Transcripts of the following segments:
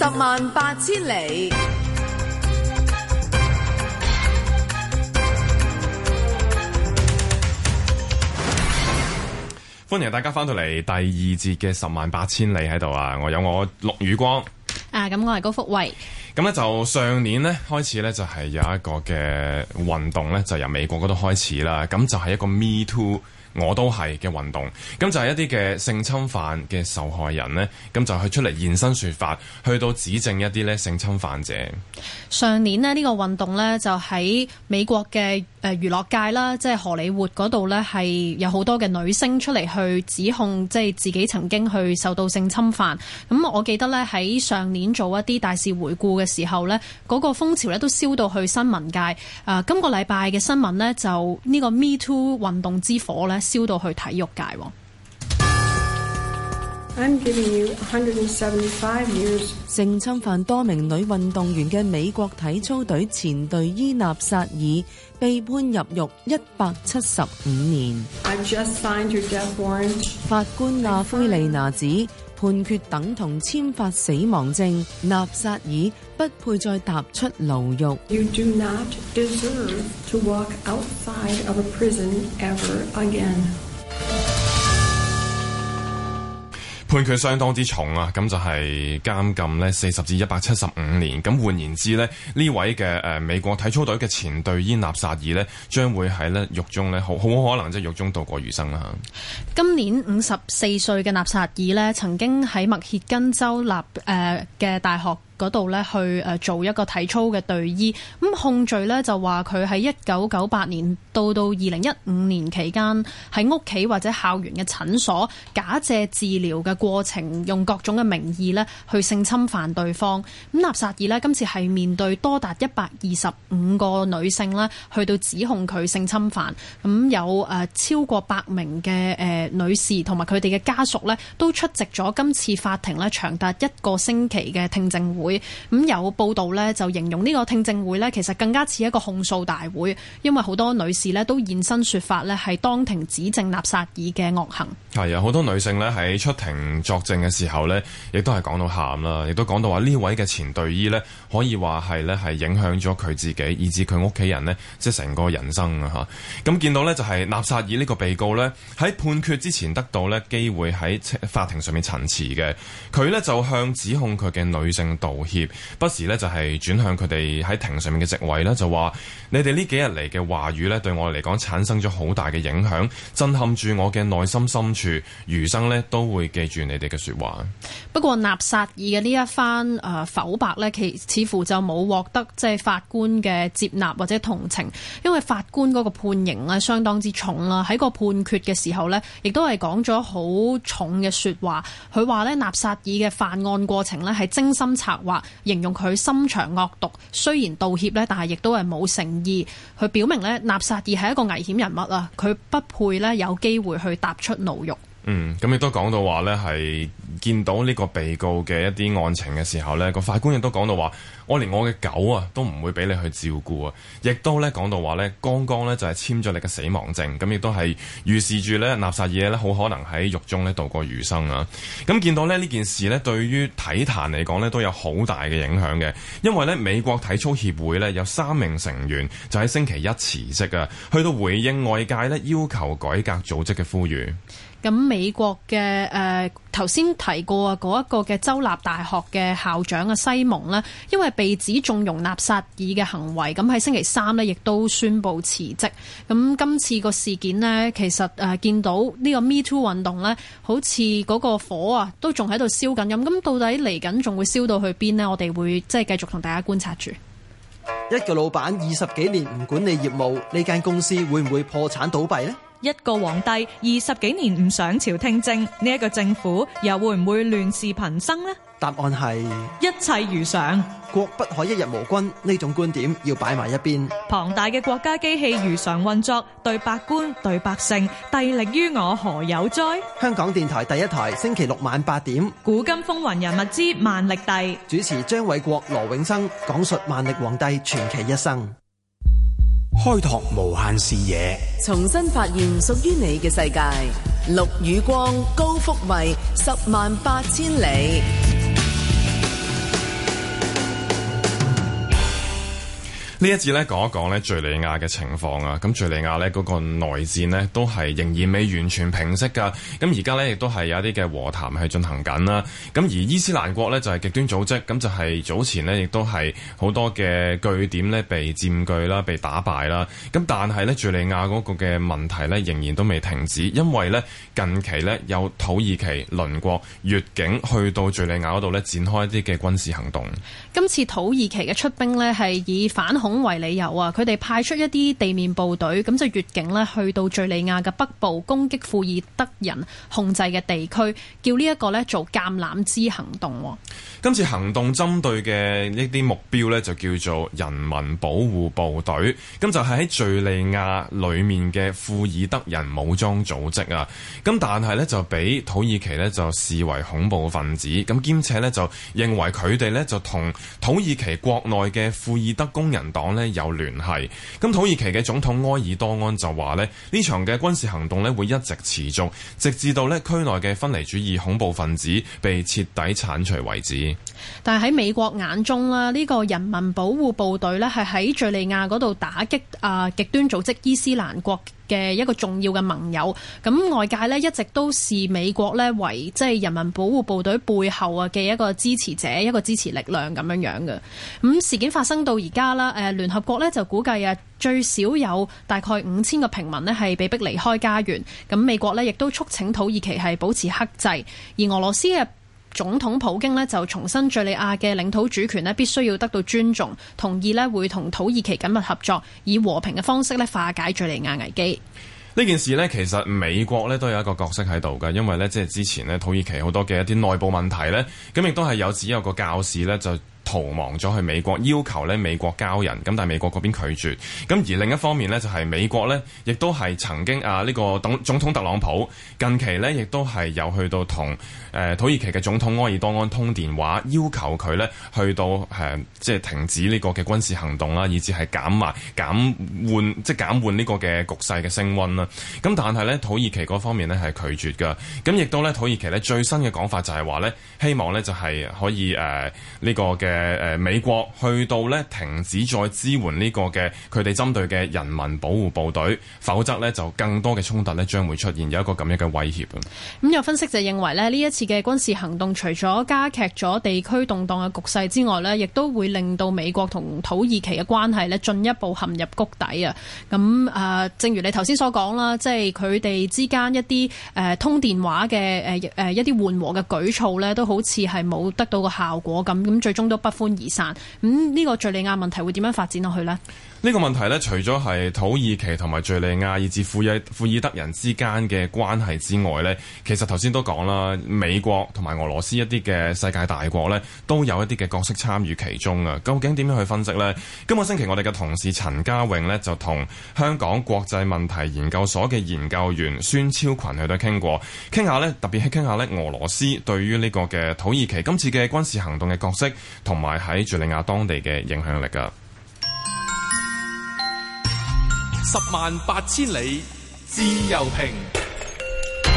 十萬八千里，歡迎大家翻到嚟第二節嘅十萬八千里喺度啊！我有我陸宇光啊，咁我係高福慧，咁咧就上年咧開始咧就係有一個嘅運動咧就由美國嗰度開始啦，咁就係、是、一個 Me Too。我都係嘅運動，咁就係一啲嘅性侵犯嘅受害人呢，咁就去出嚟現身説法，去到指證一啲咧性侵犯者。上年呢，呢個運動呢，就喺美國嘅誒娛樂界啦，即係荷里活嗰度呢，係有好多嘅女星出嚟去指控，即係自己曾經去受到性侵犯。咁我記得呢，喺上年做一啲大事回顧嘅時候呢，嗰個風潮咧都燒到去新聞界。啊、呃，今個禮拜嘅新聞呢，就呢個 Me Too 運動之火咧。燒到去體育界。性侵犯多名女運動員嘅美國體操隊前隊醫納薩爾被判入獄一百七十五年。法官納菲利娜指判決等同簽發死亡證，納薩爾。不配再踏出牢獄。You do not deserve to walk outside of a prison ever again. 判佢相當之重啊！咁就係監禁呢四十至一百七十五年。咁換言之咧，呢位嘅誒、呃、美國體操隊嘅前隊醫納薩爾呢，將會喺呢獄中呢，好好可能即係獄中度過餘生啦。今年五十四歲嘅納薩爾呢，曾經喺麥歇根州立誒嘅大學。嗰度咧去誒做一個體操嘅隊醫，咁控罪咧就話佢喺一九九八年到到二零一五年期間喺屋企或者校園嘅診所，假借治療嘅過程，用各種嘅名義咧去性侵犯對方。咁納薩爾咧今次係面對多達一百二十五個女性咧，去到指控佢性侵犯。咁有誒、呃、超過百名嘅誒、呃、女士同埋佢哋嘅家屬咧，都出席咗今次法庭咧長達一個星期嘅聽證會。會咁、嗯、有報道呢，就形容呢個聽證會呢，其實更加似一個控訴大會，因為好多女士呢，都現身說法呢，係當庭指證納薩爾嘅惡行。係啊，好多女性呢，喺出庭作證嘅時候呢，亦都係講到喊啦，亦都講到話呢位嘅前隊醫呢，可以話係呢，係影響咗佢自己，以至佢屋企人呢，即係成個人生啊吓。咁、啊、見到呢，就係納薩爾呢個被告呢，喺判決之前得到呢機會喺法庭上面陳詞嘅，佢呢，就向指控佢嘅女性道歉。協不時咧就係轉向佢哋喺庭上面嘅席位咧，就話你哋呢幾日嚟嘅話語咧，對我嚟講產生咗好大嘅影響，震撼住我嘅內心深處，餘生咧都會記住你哋嘅說話。不過納薩爾嘅呢一番誒、呃、否白咧，其似乎就冇獲得即係法官嘅接納或者同情，因為法官嗰個判刑啊相當之重啦。喺個判決嘅時候呢亦都係講咗好重嘅說話，佢話咧納薩爾嘅犯案過程咧係精心策話形容佢心腸惡毒，雖然道歉呢，但係亦都係冇誠意。佢表明呢，納薩爾係一個危險人物啊，佢不配呢，有機會去踏出牢獄。嗯，咁亦都講到話呢，係見到呢個被告嘅一啲案情嘅時候，呢個法官亦都講到話，我連我嘅狗啊都唔會俾你去照顧啊，亦都呢，講到話呢，剛剛呢就係簽咗你嘅死亡證，咁亦都係預示住呢，納薩爾呢好可能喺獄中呢度過餘生啊。咁見到呢呢件事呢，對於體壇嚟講呢都有好大嘅影響嘅，因為呢美國體操協會呢有三名成員就喺星期一辭職啊，去到回應外界呢要求改革組織嘅呼籲。咁美國嘅誒，頭先、呃、提過嗰一個嘅州立大學嘅校長啊，西蒙呢，因為被指縱容納薩爾嘅行為，咁喺星期三呢，亦都宣布辭職。咁、嗯、今次個事件呢，其實誒、呃、見到呢個 Me Too 運動呢，好似嗰個火啊，都仲喺度燒緊。咁、嗯，咁到底嚟緊仲會燒到去邊呢？我哋會即係繼續同大家觀察住。一個老闆二十幾年唔管理業務，呢間公司會唔會破產倒閉呢？一個皇帝二十幾年唔上朝聽政，呢、這、一個政府又會唔會亂事頻生呢？答案係一切如常，國不可一日無君。呢種觀點要擺埋一邊。龐大嘅國家機器如常運作，對百官對百姓，帝力於我何有哉？香港電台第一台星期六晚八點，《古今風雲人物之萬曆帝》，主持張偉國、羅永生講述萬曆皇帝傳奇一生。開拓無限視野，重新發現屬於你嘅世界。綠與光，高幅位，十萬八千里。呢一節呢講一講呢敍利亞嘅情況啊，咁敍利亞呢嗰個內戰呢都係仍然未完全平息㗎，咁而家呢，亦都係有一啲嘅和談係進行緊啦，咁、啊、而伊斯蘭國呢，就係、是、極端組織，咁、啊、就係、是、早前呢，亦都係好多嘅據點呢，被佔據啦、被打敗啦，咁、啊、但係呢，敍利亞嗰個嘅問題呢，仍然都未停止，因為呢，近期呢，有土耳其鄰國越境去到敍利亞嗰度呢，展開一啲嘅軍事行動。今次土耳其嘅出兵呢，係以反恐為理由啊，佢哋派出一啲地面部隊，咁就越境呢去到敘利亞嘅北部攻擊庫爾德人控制嘅地區，叫呢一個呢做橄欖枝行動。今次行動針對嘅呢啲目標呢，就叫做人民保護部隊，咁就係喺敘利亞裏面嘅庫爾德人武裝組織啊。咁但係呢，就俾土耳其呢就視為恐怖分子，咁兼且呢，就認為佢哋呢，就同土耳其國內嘅庫爾德工人。講咧有聯繫，咁土耳其嘅總統埃爾多安就話咧呢場嘅軍事行動咧會一直持續，直至到咧區內嘅分離主義恐怖分子被徹底鏟除為止。但係喺美國眼中啦，呢個人民保護部隊咧係喺敘利亞嗰度打擊啊極端組織伊斯蘭國嘅一個重要嘅盟友，咁外界呢一直都視美國呢為即係人民保護部隊背後啊嘅一個支持者，一個支持力量咁樣樣嘅。咁事件發生到而家啦，誒聯合國呢就估計啊最少有大概五千個平民呢係被逼離開家園。咁美國呢亦都促請土耳其係保持克制，而俄羅斯嘅總統普京咧，就重申敘利亞嘅領土主權咧，必須要得到尊重，同意咧，會同土耳其緊密合作，以和平嘅方式咧，化解敘利亞危機。呢件事咧，其實美國咧，都有一個角色喺度㗎，因為咧，即係之前咧，土耳其好多嘅一啲內部問題咧，咁亦都係有只有個教士咧就。逃亡咗去美國要求咧美國交人，咁但係美國嗰邊拒絕，咁而另一方面咧，就係、是、美國咧，亦都係曾經啊呢、這個等總統特朗普近期咧，亦都係有去到同誒、啊、土耳其嘅總統埃爾多安通電話，要求佢咧去到誒、啊、即係停止呢個嘅軍事行動啦，以至係減埋減緩即係減緩呢個嘅局勢嘅升溫啦。咁但係咧土耳其嗰方面咧係拒絕噶，咁亦都咧土耳其咧最新嘅講法就係話咧，希望咧就係、是、可以誒呢、呃這個嘅。這個這個這個這個誒誒、呃，美國去到呢停止再支援呢個嘅佢哋針對嘅人民保護部隊，否則呢就更多嘅衝突呢將會出現有一個咁樣嘅威脅咁、嗯、有分析就認為呢呢一次嘅軍事行動除咗加劇咗地區動盪嘅局勢之外呢亦都會令到美國同土耳其嘅關係呢進一步陷入谷底啊！咁、嗯、啊、呃，正如你頭先所講啦，即係佢哋之間一啲誒、呃、通電話嘅誒誒一啲緩和嘅舉措呢都好似係冇得到個效果咁，咁最終都不歡而散，咁、嗯、呢、這個敘利亞問題會點樣發展落去咧？呢個問題咧，除咗係土耳其同埋敍利亞以至乎庫爾德人之間嘅關係之外呢，其實頭先都講啦，美國同埋俄羅斯一啲嘅世界大國呢，都有一啲嘅角色參與其中啊。究竟點樣去分析呢？今個星期我哋嘅同事陳家榮呢，就同香港國際問題研究所嘅研究員孫超群去到傾過，傾下呢特別係傾下呢俄羅斯對於呢個嘅土耳其今次嘅軍事行動嘅角色，同埋喺敍利亞當地嘅影響力啊。十萬八千里自由評，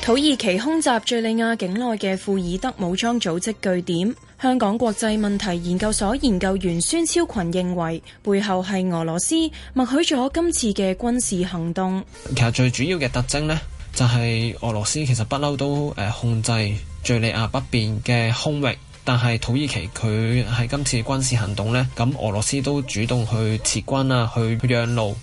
土耳其空襲敘利亞境內嘅庫爾德武裝組織據點。香港國際問題研究所研究員孫超群認為，背後係俄羅斯默許咗今次嘅軍事行動。其實最主要嘅特徵呢，就係俄羅斯其實不嬲都誒控制敘利亞北邊嘅空域。但係土耳其佢喺今次軍事行動呢，咁俄羅斯都主動去撤軍啊，去讓路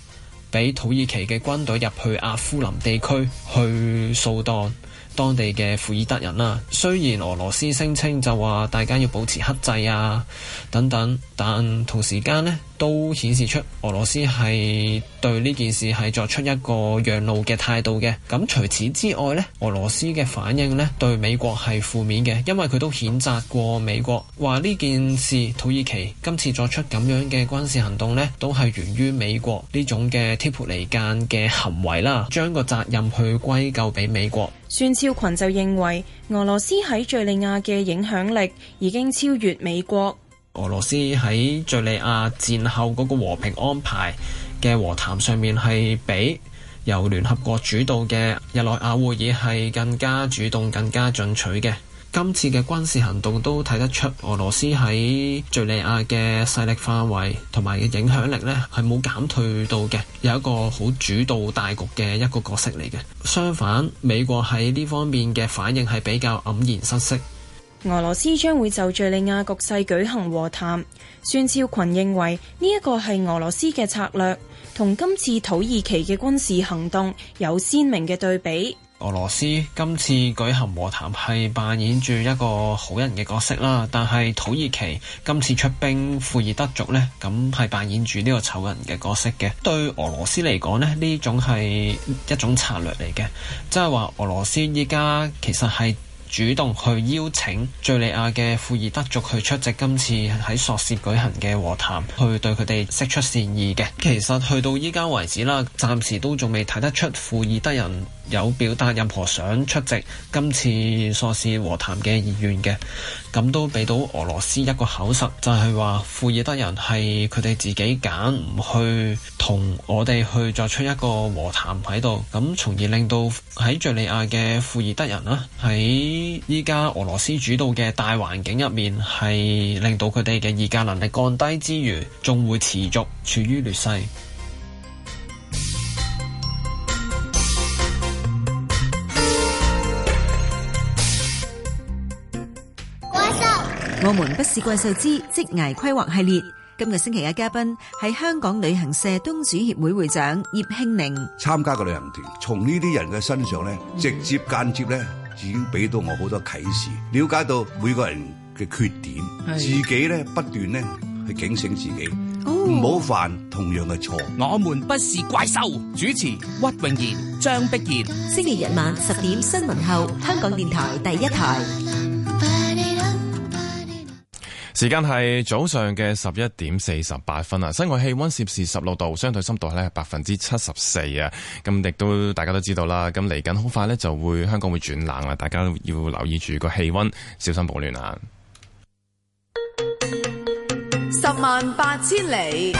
畀土耳其嘅軍隊入去阿夫林地區去掃蕩。當地嘅庫爾德人啦，雖然俄羅斯聲稱就話大家要保持克制啊，等等，但同時間呢都顯示出俄羅斯係對呢件事係作出一個讓路嘅態度嘅。咁除此之外呢，俄羅斯嘅反應呢對美國係負面嘅，因為佢都譴責過美國，話呢件事土耳其今次作出咁樣嘅軍事行動呢，都係源於美國呢種嘅挑撥離間嘅行為啦，將個責任去歸咎俾美國。孫超群就認為，俄羅斯喺敘利亞嘅影響力已經超越美國。俄羅斯喺敘利亞戰後嗰個和平安排嘅和談上面，係比由聯合國主導嘅日內瓦會議係更加主動、更加進取嘅。今次嘅軍事行動都睇得出，俄羅斯喺敘利亞嘅勢力範圍同埋嘅影響力呢，係冇減退到嘅，有一個好主導大局嘅一個角色嚟嘅。相反，美國喺呢方面嘅反應係比較黯然失色。俄羅斯將會就敘利亞局勢舉行和談。孫超群認為呢一個係俄羅斯嘅策略，同今次土耳其嘅軍事行動有鮮明嘅對比。俄羅斯今次舉行和談係扮演住一個好人嘅角色啦，但係土耳其今次出兵庫爾德族呢，咁係扮演住呢個醜人嘅角色嘅。對俄羅斯嚟講呢，呢種係一種策略嚟嘅，即係話俄羅斯依家其實係主動去邀請敘利亞嘅庫爾德族去出席今次喺索契舉行嘅和談，去對佢哋釋出善意嘅。其實去到依家為止啦，暫時都仲未睇得出庫爾德人。有表達任何想出席今次索士和談嘅意願嘅，咁都俾到俄羅斯一個口實，就係話庫爾德人係佢哋自己揀，唔去同我哋去作出一個和談喺度，咁從而令到喺敘利亞嘅庫爾德人啦，喺依家俄羅斯主導嘅大環境入面，係令到佢哋嘅議價能力降低之餘，仲會持續處於劣勢。我們不是怪獸之職涯規劃系列，今個星期嘅嘉賓係香港旅行社東主協會會長葉慶寧。參加嘅旅行團，從呢啲人嘅身上咧，直接間接咧，已經俾到我好多啟示，了解到每個人嘅缺點，的自己咧不斷咧去警醒自己，唔好、哦、犯同樣嘅錯。我們不是怪獸，主持屈穎賢、張碧賢，星期日晚十點新聞後，香港電台第一台。 時間係早上嘅十一點四十八分啊，室外氣溫攝氏十六度，相對濕度咧係百分之七十四啊。咁亦都大家都知道啦，咁嚟緊好快咧就會香港會轉冷啦，大家要留意住個氣溫，小心保暖啊。十萬八千里。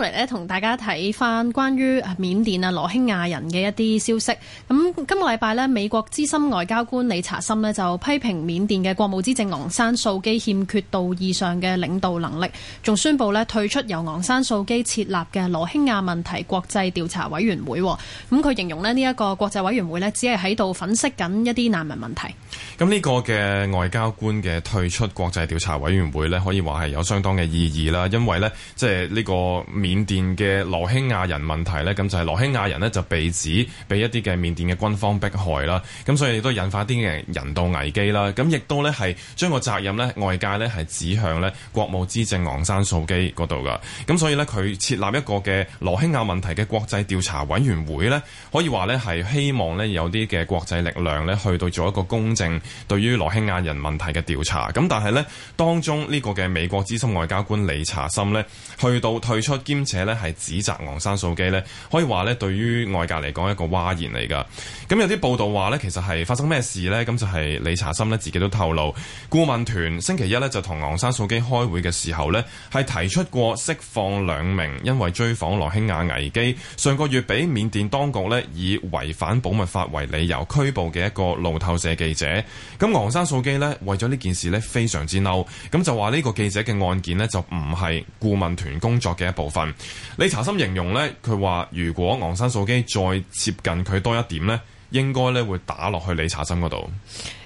嚟咧，同大家睇翻關於緬甸啊羅興亞人嘅一啲消息。咁、嗯、今個禮拜咧，美國資深外交官李查森咧就批評緬甸嘅國務資政昂山素基欠缺道義上嘅領導能力，仲宣布咧退出由昂山素基設立嘅羅興亞問題國際調查委員會。咁、嗯、佢形容咧呢一個國際委員會咧，只係喺度粉飾緊一啲難民問題。咁呢個嘅外交官嘅退出國際調查委員會咧，可以話係有相當嘅意義啦，因為咧即係呢個。緬甸嘅羅興亞人問題呢，咁就係、是、羅興亞人呢就被指俾一啲嘅緬甸嘅軍方迫害啦，咁所以亦都引發一啲嘅人道危機啦，咁亦都呢係將個責任呢外界呢係指向呢國務資政昂山素基嗰度噶，咁所以呢，佢設立一個嘅羅興亞問題嘅國際調查委員會呢，可以話呢係希望呢有啲嘅國際力量呢去到做一個公正對於羅興亞人問題嘅調查，咁但係呢，當中呢個嘅美國資深外交官理查森呢，去到退出兼且呢，係指責昂山素姬咧，可以話咧對於外界嚟講一個嘩然嚟噶，咁有啲報道話咧，其實係發生咩事咧？咁就係李查森咧自己都透露，顧問團星期一咧就同昂山素姬開會嘅時候咧，係提出過釋放兩名因為追訪羅興亞危機上個月俾緬甸當局咧以違反保密法為理由拘捕嘅一個路透社記者。咁昂山素姬咧為咗呢件事咧非常之嬲，咁就話呢個記者嘅案件咧就唔係顧問團工作嘅一部分。李查森形容呢，佢話如果昂山素姬再接近佢多一點呢，應該咧會打落去李查森嗰度。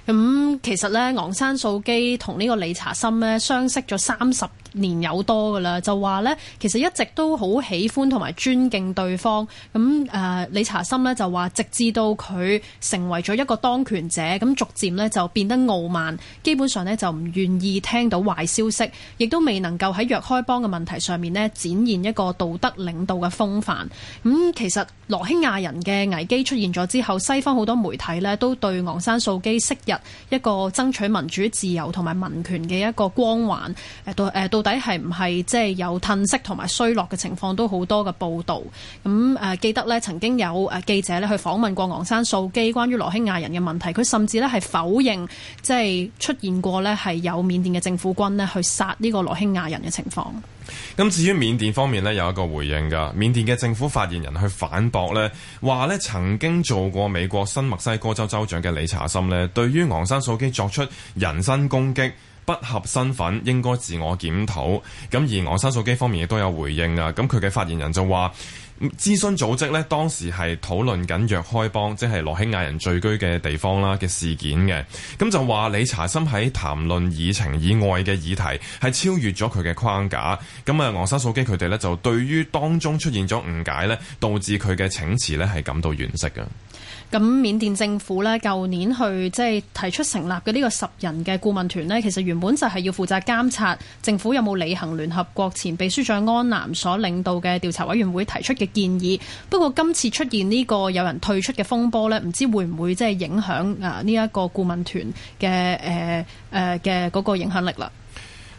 咁、嗯、其實呢，昂山素姬同呢個理查森呢，相識咗三十年有多噶啦，就話呢，其實一直都好喜歡同埋尊敬對方。咁、嗯、誒，理、呃、查森呢，就話，直至到佢成為咗一個當權者，咁逐漸呢，就變得傲慢，基本上呢，就唔願意聽到壞消息，亦都未能夠喺若開邦嘅問題上面呢，展現一個道德領導嘅風範。咁、嗯、其實羅興亞人嘅危機出現咗之後，西方好多媒體呢，都對昂山素姬適。一個爭取民主自由同埋民權嘅一個光環，誒到誒到底係唔係即係有褪色同埋衰落嘅情況都好多嘅報導。咁、嗯、誒記得咧曾經有誒記者咧去訪問過昂山素姬關於羅興亞人嘅問題，佢甚至咧係否認即係、就是、出現過咧係有緬甸嘅政府軍咧去殺呢個羅興亞人嘅情況。咁至於緬甸方面咧，有一個回應噶。緬甸嘅政府發言人去反駁咧，話咧曾經做過美國新墨西哥州州,州長嘅理查森咧，嗯、對於昂山素姬作出人身攻擊，不合身份，應該自我檢討。咁、嗯、而昂山素姬方面亦都有回應啊。咁佢嘅發言人就話。諮詢組織咧，當時係討論緊若開邦，即係羅興亞人聚居嘅地方啦，嘅事件嘅，咁就話理查森喺談論議程以外嘅議題，係超越咗佢嘅框架。咁、嗯、啊，昂山素姬佢哋呢，就對於當中出現咗誤解呢，導致佢嘅請辭呢係感到惋惜嘅。咁緬甸政府呢，舊年去即係提出成立嘅呢個十人嘅顧問團呢，其實原本就係要負責監察政府有冇履行聯合國前秘書長安南所領導嘅調查委員會提出嘅建議，不過今次出現呢個有人退出嘅風波咧，唔知會唔會即係影響啊呢一個顧問團嘅誒誒嘅嗰個影響力啦。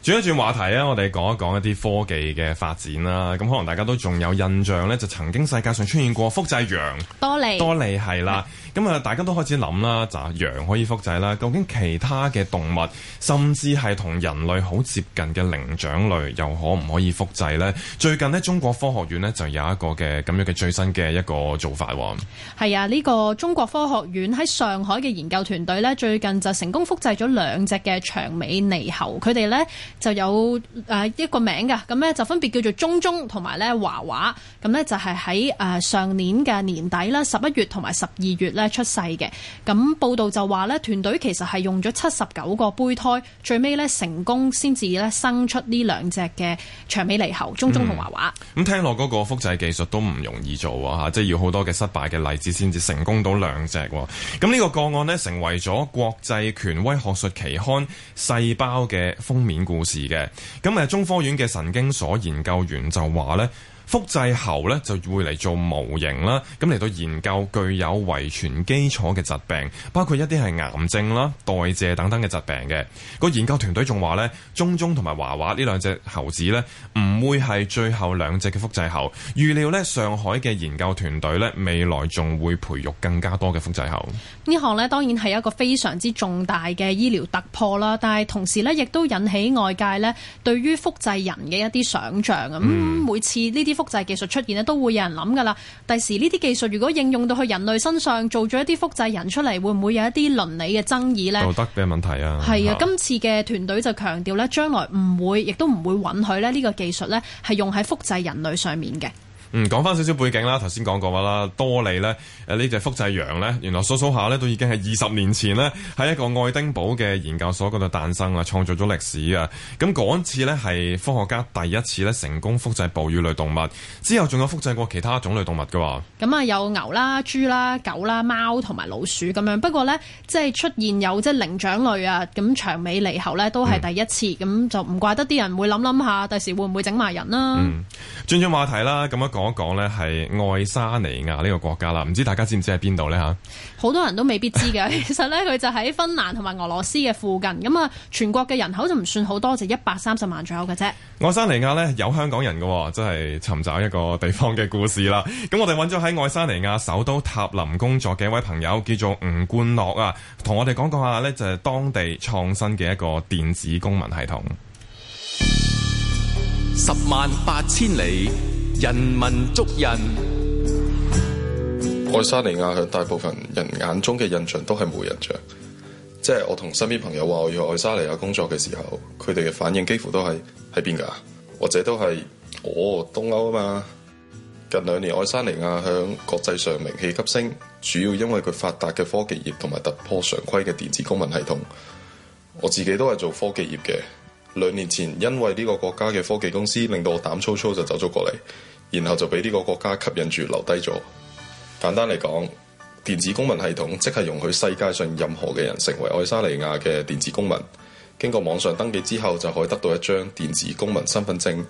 轉一轉話題啊，我哋講一講一啲科技嘅發展啦。咁可能大家都仲有印象咧，就曾經世界上出現過複製羊多利，多利係啦。咁啊， 大家都開始諗啦，就羊可以複製啦。究竟其他嘅動物，甚至係同人類好接近嘅靈長類，又可唔可以複製呢？最近呢，中國科學院呢就有一個嘅咁樣嘅最新嘅一個做法。係啊，呢個中國科學院喺上海嘅研究團隊呢，最近就成功複製咗兩隻嘅長尾獼猴，佢哋呢。就有誒一個名嘅，咁咧就分別叫做中中同埋咧華華，咁咧就係喺誒上年嘅年底啦，十一月同埋十二月咧出世嘅。咁報道就話咧，團隊其實係用咗七十九個胚胎，最尾咧成功先至咧生出呢兩隻嘅長尾獼猴，中中同華華。咁聽落個複製技術都唔容易做啊。嚇，即係要好多嘅失敗嘅例子先至成功到兩隻喎。咁呢個個案咧成為咗國際權威學術期刊《細胞》嘅封面故事。事嘅，咁誒中科院嘅神經所研究員就話咧。複製猴咧就會嚟做模型啦，咁嚟到研究具有遺傳基礎嘅疾病，包括一啲係癌症啦、代謝等等嘅疾病嘅。個研究團隊仲話呢，中中同埋華華呢兩隻猴子呢唔會係最後兩隻嘅複製猴。預料咧，上海嘅研究團隊呢未來仲會培育更加多嘅複製猴。行呢項咧當然係一個非常之重大嘅醫療突破啦，但係同時呢亦都引起外界咧對於複製人嘅一啲想像，咁每次呢啲，嗯嗯複製技術出現咧，都會有人諗噶啦。第時呢啲技術如果應用到去人類身上，做咗一啲複製人出嚟，會唔會有一啲倫理嘅爭議呢？道德嘅問題啊，係啊的。嗯，今次嘅團隊就強調咧，將來唔會，亦都唔會允許咧呢個技術咧係用喺複製人類上面嘅。嗯，講翻少少背景啦，頭先講過話啦。多利呢，誒、啊、呢隻複製羊呢，原來數數下呢，都已經係二十年前呢，喺一個愛丁堡嘅研究所嗰度誕生啊，創造咗歷史啊。咁嗰次呢，係科學家第一次呢，成功複製哺乳類動物，之後仲有複製過其他種類動物噶喎。咁啊，有牛啦、豬啦、狗啦、貓同埋老鼠咁樣。不過呢，即係出現有即係靈長類啊，咁長尾獼猴呢，都係第一次。咁、嗯、就唔怪得啲人會諗諗下，第時會唔會整埋人啦、啊嗯。轉轉話題啦，咁樣講。我講咧，係愛沙尼亞呢個國家啦，唔知大家知唔知喺邊度呢？吓？好多人都未必知嘅。 其實呢，佢就喺芬蘭同埋俄羅斯嘅附近。咁啊，全國嘅人口就唔算好多，就一百三十萬左右嘅啫。愛沙尼亞呢，有香港人嘅，真係尋找一個地方嘅故事啦。咁 我哋揾咗喺愛沙尼亞首都塔林工作嘅一位朋友，叫做吳冠諾啊，同我哋講講下呢，就係當地創新嘅一個電子公民系統。十萬八千里。人文足印，愛沙尼亞響大部分人眼中嘅印象都係冇印象。即係我同身邊朋友話我要去愛沙尼亞工作嘅時候，佢哋嘅反應幾乎都係喺邊噶？或者都係哦東歐啊嘛。近兩年愛沙尼亞響國際上名氣急升，主要因為佢發達嘅科技業同埋突破常規嘅電子公民系統。我自己都係做科技業嘅，兩年前因為呢個國家嘅科技公司令到我膽粗粗就走咗過嚟，然後就俾呢個國家吸引住留低咗。簡單嚟講，電子公民系統即係容許世界上任何嘅人成為愛沙尼亞嘅電子公民。經過網上登記之後，就可以得到一張電子公民身份證，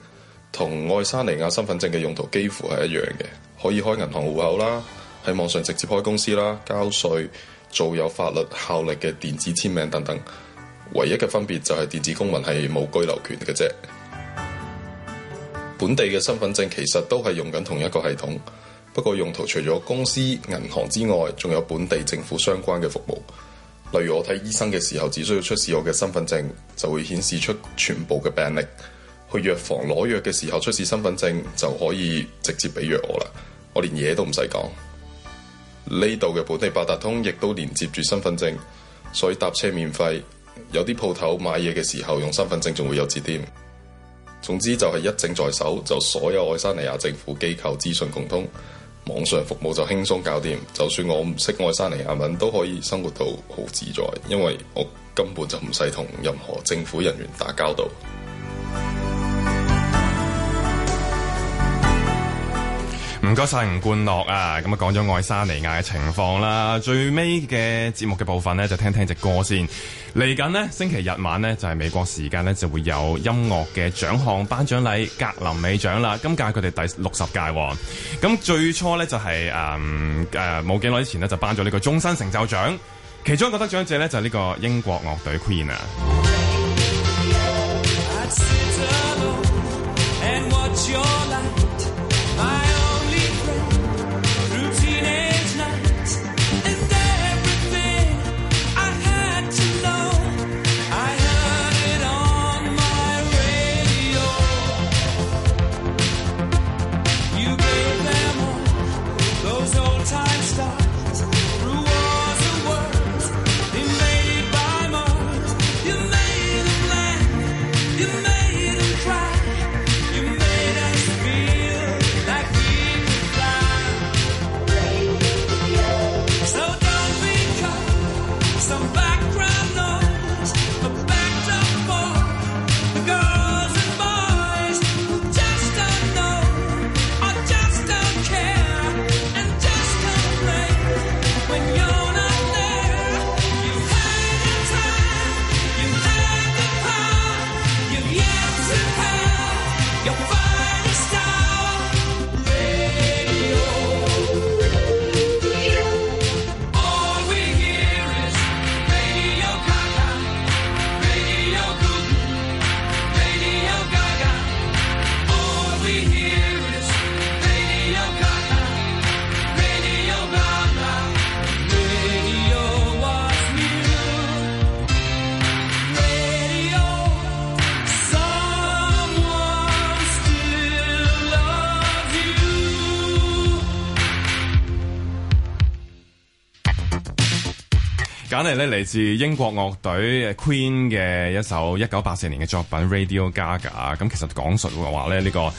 同愛沙尼亞身份證嘅用途幾乎係一樣嘅，可以開銀行戶口啦，喺網上直接開公司啦，交稅、做有法律效力嘅電子簽名等等。唯一嘅分別就係電子公民係冇居留權嘅啫。本地嘅身份證其實都係用緊同一個系統，不過用途除咗公司、銀行之外，仲有本地政府相關嘅服務。例如我睇醫生嘅時候，只需要出示我嘅身份證，就會顯示出全部嘅病歷。去藥房攞藥嘅時候，出示身份證就可以直接俾藥我啦。我連嘢都唔使講。呢度嘅本地八達通亦都連接住身份證，所以搭車免費。有啲鋪頭買嘢嘅時候，用身份證仲會有折添。總之就係一證在手，就所有愛沙尼亞政府機構資訊共通，網上服務就輕鬆搞掂。就算我唔識愛沙尼亞文，都可以生活到好自在，因為我根本就唔使同任何政府人員打交道。唔該晒吳冠諾啊，咁啊講咗愛沙尼亞嘅情況啦，最尾嘅節目嘅部分呢，就聽聽隻歌先。嚟緊呢星期日晚呢，就係、是、美國時間呢，就會有音樂嘅獎項頒獎禮格林美獎啦，今屆佢哋第六十屆、喎。咁最初呢，就係誒誒冇幾耐之前呢，就頒咗呢個終身成就獎，其中一個得獎者呢，就係、是、呢個英國樂隊 Queen 啊。簡嚟咧嚟自英國樂隊 Queen 嘅一首一九八四年嘅作品 Radio Gaga，咁其實講述嘅話咧呢、呢個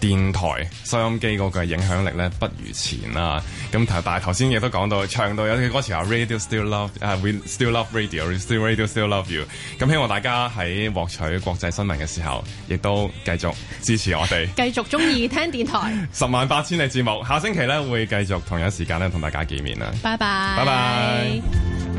電台收音機嗰個影響力咧不如前啦。咁頭，但係頭先亦都講到唱到有啲歌詞話 Radio still love，啊 We still love radio，still radio still love you。咁希望大家喺獲取國際新聞嘅時候，亦都繼續支持我哋，繼續中意聽電台 十萬八千里節目。下星期咧會繼續同樣時間咧同大家見面啦。拜拜 bye，拜拜。